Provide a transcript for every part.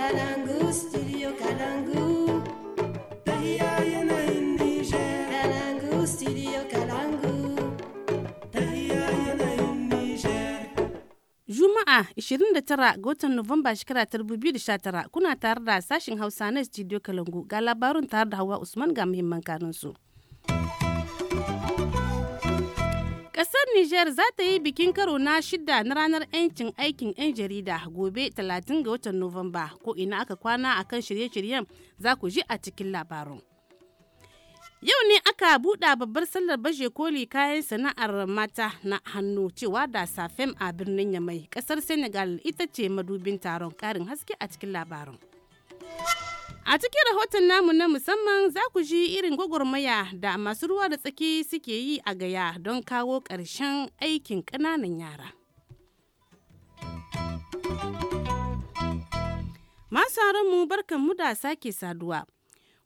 studio Kalangu. Kalangu, studio Kalangu. Juma'a 29 ga watan Nuwamba shekara 2019 kuna tare da sashin Hausa na studio Kalangu ga labarun tare da Hawa Usman ga muhimman kanunsu. su. Nijar za ta yi bikin karo na shida na ranar 'yancin aikin 'yan jarida gobe 30 ga watan Nuwamba ko ina aka kwana a kan shirye-shiryen za ku ji a cikin labarun. Yau ne aka buɗa babbar sallar baje koli kayan sana'ar mata na hannu cewa da safem a birnin Yamai, ƙasar Senegal ita ce madubin taron ƙarin haske a cikin labarun. A cikin rahoton namu na musamman za ku ji irin gwagwarmaya da masu ruwa da tsaki suke yi a gaya don kawo ƙarshen aikin ƙananan yara. Masu mu barkan mu da sake saduwa.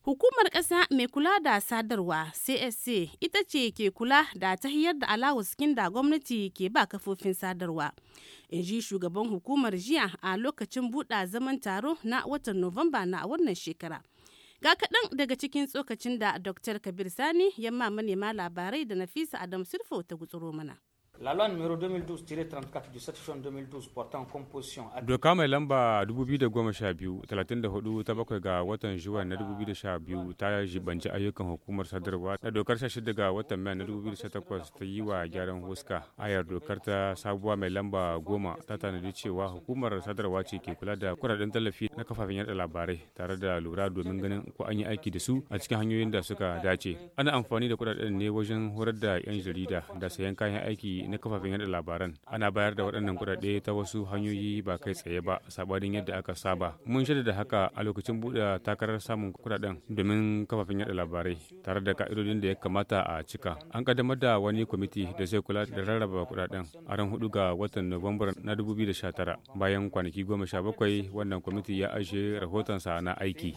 Hukumar ƙasa mai kula da sadarwa csc ita ce ke kula da tahiyar da alawus da gwamnati ke ba kafofin sadarwa. In ji shugaban hukumar jiya a lokacin buɗa zaman taro na watan Nuwamba na wannan shekara. Ga kaɗan daga cikin tsokacin da Dr. Kabir Sani ya ma manema labarai da Nafisa Adam Sirfo ta gutsuro mana. La loi numéro 2012-34 du 7 juin 2012 portant composition. Doka mai lamba 2012-34 ta bakwai ga watan Juwa na 2012 ta jibanci ayyukan hukumar sadarwa da dokar 16 ga watan Mai na 2018 ta yi wa gyaran huska. Ayar dokar ta sabuwa mai lamba 10 ta tanadi cewa hukumar sadarwa ce ke kula da kudaden tallafi na kafafen yada labarai tare da lura domin ganin ko an yi aiki da su a cikin hanyoyin da suka dace. Ana amfani da kudaden ne wajen horar da 'yan jarida da sayan kayan aiki na kafafen yada labaran ana bayar da waɗannan kuɗaɗe ta wasu hanyoyi ba kai tsaye ba sabanin yadda aka saba mun shaida da haka a lokacin buɗe takarar samun kuɗaɗen domin kafafen yada labarai tare da ka'idodin da ya kamata a cika an kaddamar da wani kwamiti da zai kula da rarraba kuɗaɗen a ran hudu ga watan nuwambar na tara. bayan kwanaki goma sha bakwai wannan kwamiti ya ajiye rahotonsa na aiki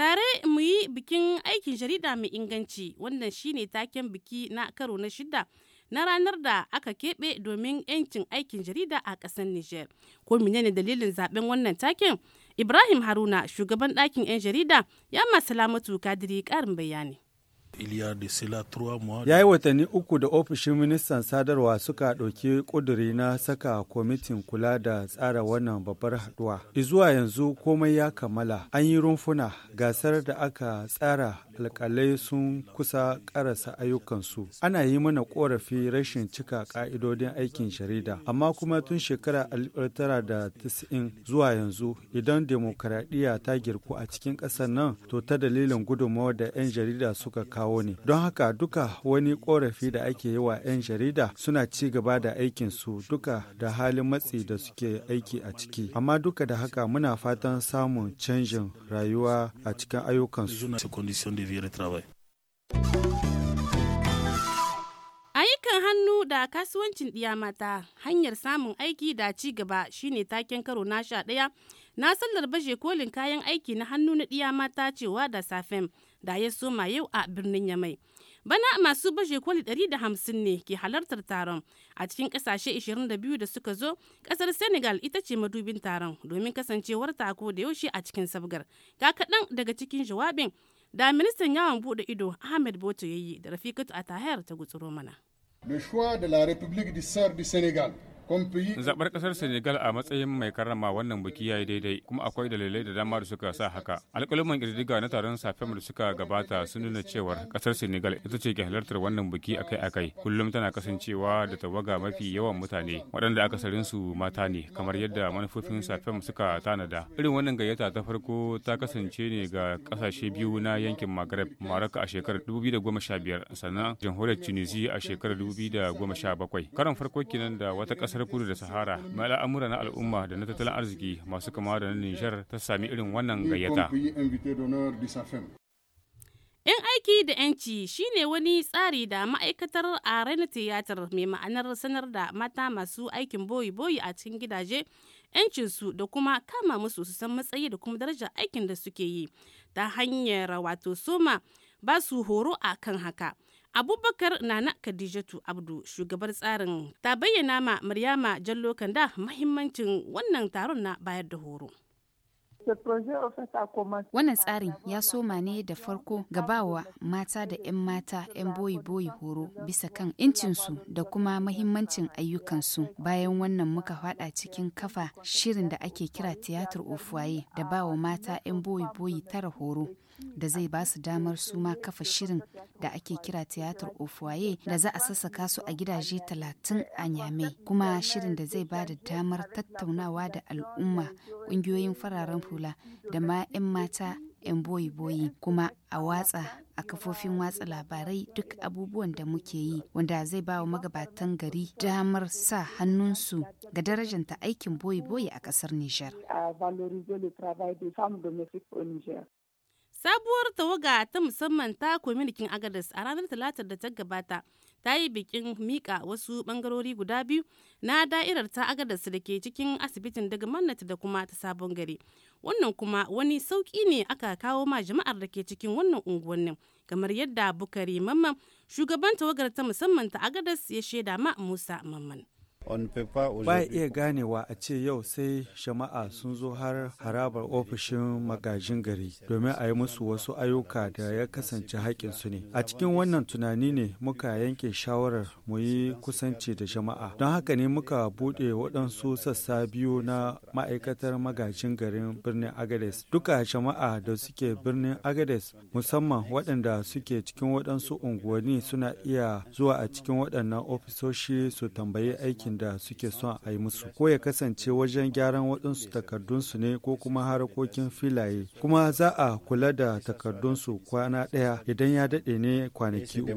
tare mu yi bikin aikin jarida mai inganci wannan shine taken biki na karo na shida na ranar da aka keɓe domin 'yancin aikin jarida a ƙasar Nijar. Ko menene dalilin zaben wannan taken? Ibrahim Haruna, shugaban ɗakin 'yan jarida, ya masu lamatu kadiri ƙarin bayani. Ya yi watanni uku da ofishin ministan sadarwa suka ɗauki ƙuduri na saka kwamitin kula da tsara wannan babbar haɗuwa. Izuwa yanzu komai ya kammala. An yi rumfuna gasar da aka tsara alƙalai sun kusa ƙarasa ayyukansu. Ana yi mana ƙorafi rashin cika ƙa'idodin aikin jarida. Amma kuma tun shekara da 1990 zuwa yanzu idan demokaradiyya ta girku a cikin ƙasar nan to ta dalilin gudunmawar da 'yan jarida suka kawo kawo ne. Don haka duka wani korafi da ake yi wa 'yan jarida suna ci gaba da aikin su duka da halin matsi da suke aiki a ciki. Amma duka da haka muna fatan samun canjin rayuwa a cikin ayyukansu. Ayyukan hannu da kasuwancin ɗiya mata hanyar samun aiki da ci gaba shine taken karo na sha ɗaya na sallar baje kolin kayan aiki na hannu na ɗiya mata cewa da safen da ya soma yau a birnin Yamai. Bana masu baje koli 150 ne ke halartar taron a cikin kasashe 22 da suka zo kasar Senegal ita ce madubin taron domin kasancewar ta ko da yaushe a cikin sabgar. Ga kaɗan daga cikin jawabin da ministan yawon buɗe ido Ahmed Boto yayi da Rafikatu Atahayar ta gutsuro mana. Le choix de la République du Sœur du Sénégal Zaɓar ƙasar Senegal a matsayin mai karrama wannan biki ya yi daidai kuma akwai dalilai da dama da suka sa haka. Alƙaluman ƙirƙirga na taron safiyar da suka gabata sun nuna cewar ƙasar Senegal ita ce ke halartar wannan biki akai-akai. Kullum tana kasancewa da tawaga mafi yawan mutane waɗanda akasarin su mata ne kamar yadda manufofin safiyar suka tanada. Irin wannan gayyata ta farko ta kasance ne ga ƙasashe biyu na yankin Maghreb, Maraka a shekarar 2015 sannan Jamhuriyar Tunisia a shekarar 2017. Karon farko kenan da wata ƙasar ƙasar kudu da sahara mai al'amura na al'umma da na tattalin arziki masu kama da nijar ta sami irin wannan gayyata yan aiki da yanci shine wani tsari da ma'aikatar a ranar tiyatar mai ma'anar sanar da mata masu aikin boyi-boyi a cikin gidaje yancinsu da kuma kama musu su san matsayi da kuma daraja aikin da suke yi ta hanyar wato soma ba su horo a kan haka abubakar nana khadijatu abdu shugabar tsarin ta bayyana ma maryama jallo kanda mahimmancin wannan taron na bayar da horo Wannan tsarin ya soma ne da farko gabawa mata da 'yan mata 'yan boyi-boyi horo bisa kan incinsu da kuma mahimmancin ayyukansu. Bayan wannan muka fada cikin kafa shirin da ake kira tiyatar ofuwaye da bawa mata 'yan boyi-boyi tara horo. da zai ba su damar su ma kafa shirin da ake kira tiyatar ofuwaye da za a sassaka su a gidaje talatin a nyamai kuma shirin da zai ba da damar tattaunawa da al'umma ƙungiyoyin fararen hula da ma 'yan mata 'yan boyi-boyi kuma a watsa a kafofin watsa labarai duk abubuwan da muke yi wanda zai ba wa magabatan gari damar sa hannunsu ga darajanta aikin boyi-boyi a ƙasar Nijar. Sabuwar tawaga ta musamman ta kwamitin Agadas a ranar Talatar da ta gabata ta yi bikin mika wasu bangarori guda biyu na da'irar ta Agadas da ke cikin asibitin daga Mannata da kuma ta Sabon Gari. Wannan kuma wani sauki ne aka kawo ma jama'ar da ke cikin wannan unguwannin kamar yadda Bukari Mamman shugaban tawagar ta musamman ta Agadas ya shaida ma Musa Mamman. Ba iya ganewa a ce yau sai jama'a sun zo har harabar ofishin magajin gari domin a yi musu wasu ayyuka da ya kasance su ne. A cikin wannan tunani ne muka yanke shawarar mu yi kusanci da jama'a. Don haka ne muka buɗe waɗansu sassa biyu na ma'aikatar magajin garin birnin Agades. Duka jama'a da suke birnin Agades musamman waɗanda suke cikin waɗansu unguwanni suna iya zuwa a cikin waɗannan ofisoshi su tambayi aikin da suke son a yi musu ko ya kasance wajen gyaran waɗansu takardunsu ne ko kuma harkokin filaye kuma za a kula da takardunsu kwana ɗaya idan ya daɗe ne kwanaki uku.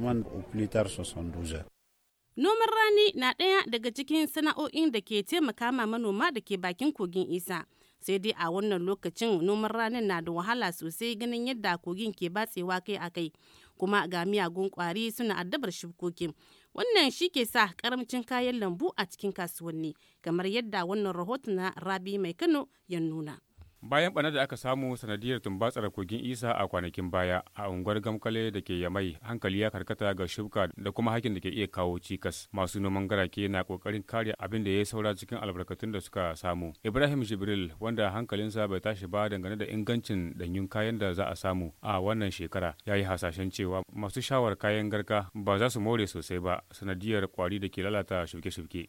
Noman rani na ɗaya daga cikin sana'o'in da ke taimaka ma manoma da ke bakin kogin isa. Sai dai a wannan lokacin noman ranin na da wahala sosai ganin yadda kogin ke batsewa kai a kai. Kuma ga miyagun kwari suna addabar shukokin. wannan shi ke sa karamcin kayan lambu a cikin kasuwanni kamar yadda wannan rahoton na rabi mai kano ya nuna bayan ɓanar da aka samu sanadiyar tumbatsar kogin isa a kwanakin baya a unguwar gamkale da ke yamai hankali ya karkata ga shuka da kuma hakin da ke iya kawo cikas masu noman garake na kokarin kare abin da ya saura cikin albarkatun da suka samu ibrahim jibril wanda hankalinsa bai tashi ba dangane da ingancin danyun kayan da za a samu a wannan shekara ya yi hasashen cewa masu shawar kayan garka ba za su more sosai ba sanadiyar kwari da ke lalata shuke-shuke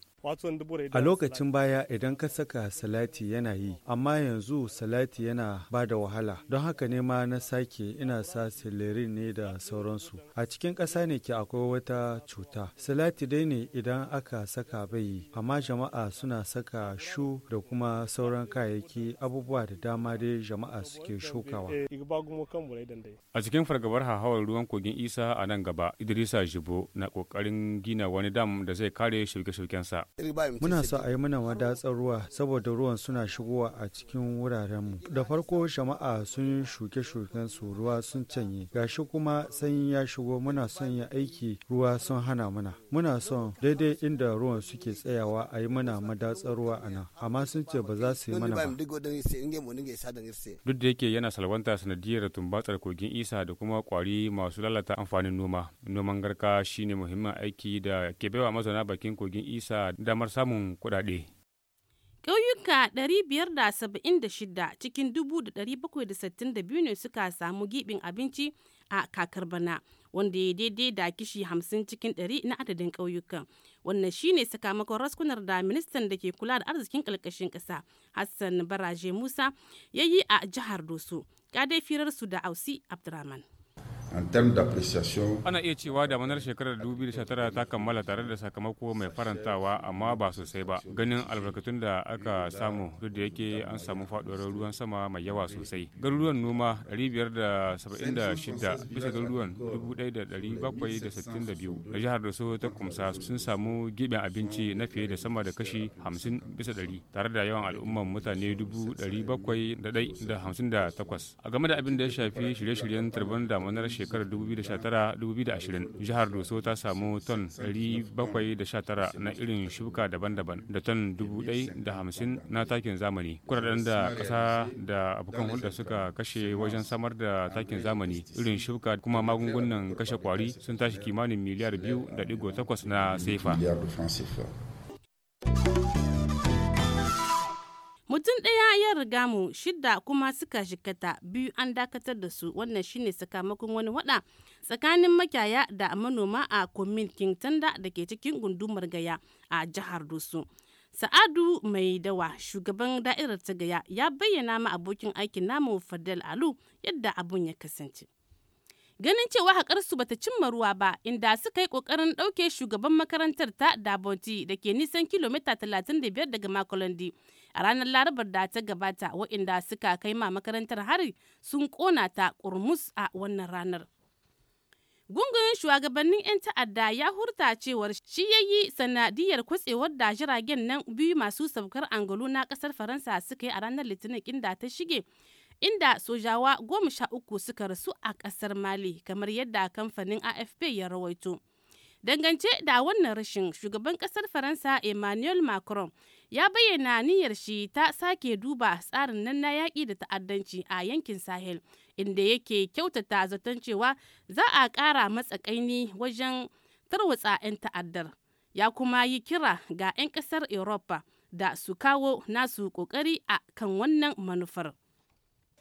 A lokacin baya idan ka saka salati yana yi, amma yanzu salati yana ba da wahala, don haka ne ma na sake ina sa selerin ne da sauransu. A cikin ƙasa ne ke akwai wata cuta. Salati dai ne idan aka saka bai yi, amma jama'a suna saka shu da kuma sauran kayayyaki abubuwa da dama dai jama'a suke shukawa. A cikin fargabar hahawar ruwan kogin Isa a nan gaba, Idrisa Jibo na ƙoƙarin gina wani dam da zai kare shirke-shirkensa. Muna so a yi mana madatsar ruwa saboda ruwan suna shigowa a cikin wuraren mu Da farko jama'a sun shuke-shuken su ruwa sun canye. Gashi kuma sanyi ya shigo muna son yin aiki ruwa sun hana mana. Muna son daidai inda ruwan suke tsayawa a yi mana madatsar ruwa a Amma sun ce ba za su yi mana ba. Duk da yake yana salwanta sanadiyar tumbatsar kogin isa da kuma kwari masu lalata amfanin noma. Noman garka shine muhimmin aiki da ke baiwa mazauna bakin kogin isa damar samun kudade. Ƙauyuka 576 cikin 1762 ne suka samu gibin abinci a kakar bana wanda ya daidai da kishi 50 cikin 100 na adadin ƙauyukan. Wannan shine sakamakon raskunar da ministan da ke kula da arzikin ƙarƙashin ƙasa Hassan Baraje Musa ya yi a jihar Doso. Ƙadai su da Ausi Abdurrahman. Ana iya cewa damanar shekarar 2019 ta kammala tare da sakamako mai farantawa amma ba sosai ba. Ganin albarkatun da aka samu duk da yake an samu faɗuwar ruwan sama mai yawa sosai. Garuruwan noma 576 bisa garuruwan 1762 da jihar da so ta kumsa sun samu giɓin abinci na fiye da sama da kashi 50 bisa 100 tare da yawan al'umman mutane 758. A game da abin da ya shafi shirye-shiryen turban damanar shekarar shekarar 2019-2020 jihar doso ta samu ton 719 na irin shuka daban-daban da ton 1,050 na takin zamani kudaden da ƙasa da abokan hulɗa suka kashe wajen samar da takin zamani irin shuka kuma magungunan kashe kwari sun tashi kimanin miliyar biyu da digo na sefa mutum ɗaya ya riga mu shida kuma suka jikata biyu an dakatar da su wannan shine sakamakon wani wada tsakanin makyaya da manoma a komin tanda da ke cikin gundumar gaya a jihar dusu sa'adu mai dawa shugaban da'irar ta gaya ya bayyana ma abokin aikin namu fadel alu yadda abun ya kasance ganin cewa haƙar su bata cimma ruwa ba inda suka yi ƙoƙarin ɗauke shugaban makarantar ta dabonti da ke nisan kilomita 35 daga makolandi a ranar larabar da ta gabata waɗanda suka kai ma makarantar hari sun kona ta kurmus a wannan ranar gungun shugabannin 'yan ta'adda ya hurta cewar shi ya yi sanadiyar kwatsewar da jiragen nan biyu masu saukar angulu na kasar faransa suka yi a ranar litinin inda ta shige inda sojawa goma sha uku suka rasu a kasar mali kamar yadda kamfanin afp ya rawaito dangance da wannan rashin shugaban kasar faransa emmanuel macron ya bayyana niyyar shi ta sake duba tsarin nan na yaƙi da ta'addanci a yankin sahel inda yake kyautata zaton cewa za a ƙara matsakaini wajen tarwatsa 'yan ta'addar ya kuma yi kira ga 'yan ƙasar europa da su kawo nasu ƙoƙari a kan wannan manufar.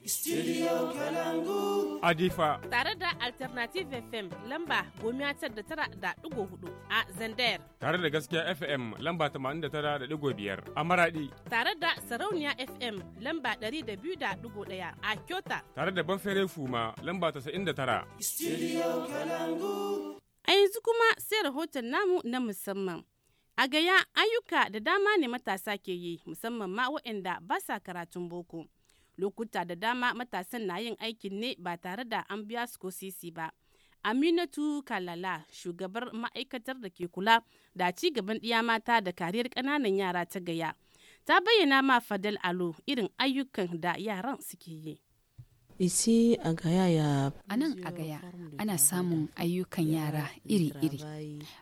Studio adifa. tare da alternative fm lamba gomiya tar da tara da digo hudu a zander. tare da gaskiya fm lamba tamanin da tara da digo biyar a maradi tare da sarauniya fm lamba ɗari da biyu da digo ɗaya a kyota tare da banfere fuma lamba tasa'in da tara studio kalangu a yanzu kuma sai rahoton namu na musamman A gaya ayyuka da dama ne matasa ke yi musamman ma waɗanda ba sa karatun boko. lokuta da dama matasan na yin aikin ne ba tare da an biya su ko sisi ba aminatu kalala shugabar ma'aikatar da ke kula da ci gaban ɗiya mata da kariyar ƙananan yara ta gaya ta bayyana ma fadal alo irin ayyukan da yaran suke yi Isi a nan a gaya ana samun ayyukan yara iri-iri.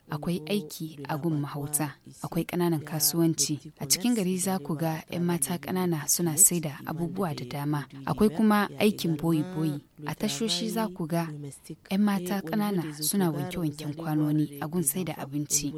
Akwai aiki a gun mahauta, akwai ƙananan kasuwanci. A cikin gari za ku ga 'yan mata ƙanana suna saida abubuwa da dama. Akwai kuma aikin boyi-boyi. A tashoshi za ku ga 'yan mata ƙanana suna wanke-wanken kwanoni a gun saida abinci.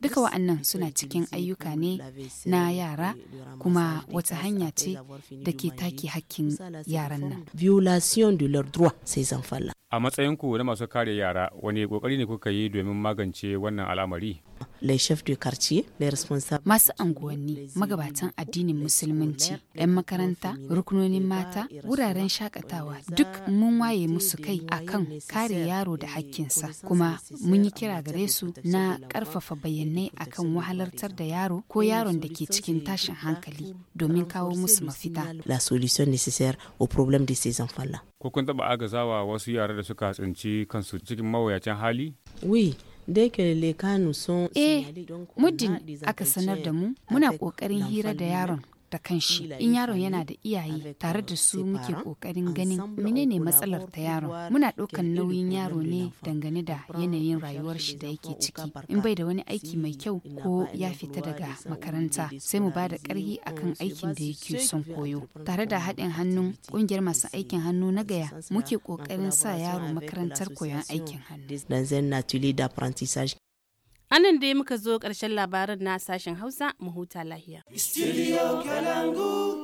Duka wa'annan suna cikin ayyuka ne na yara kuma wata hanya ce da ke take hakkin yaran nan. violation de leurs droits ces enfants-là. A matsayinku na masu kare yara, wani kokari ne kuka yi domin magance wannan al'amari? les chefs de quartier les responsables masu anguwanni magabatan addinin musulunci yan makaranta rukunonin mata wuraren shakatawa duk mun waye musu kai akan kare yaro da hakkinsa kuma mun yi kira gare su na karfafa bayanai akan wahalartar da yaro ko yaron da ke cikin tashin hankali domin kawo musu mafita la solution nécessaire au problème de ces enfants là ko kun taba agazawa wasu yara da suka tsinci kansu cikin mawuyacin hali oui Eh, muddin aka sanar da mu muna ƙoƙarin hira da yaron da kanshi in yaron yana da iyaye tare da su muke kokarin ganin menene matsalar ta yaron muna ɗaukan nauyin yaro ne dangane da yanayin rayuwar shi da yake ciki in bai da wani aiki mai kyau ko ya fita daga makaranta sai mu ba da ƙarhi akan eh, aikin da yake son koyo tare da haɗin hannun ƙungiyar masu aikin hannu na gaya muke ƙoƙarin sa yaro makarantar koyon aikin hannu anan dai muka zo ƙarshen labarin na sashen hausa mu huta lahiya. Studio Kalangu.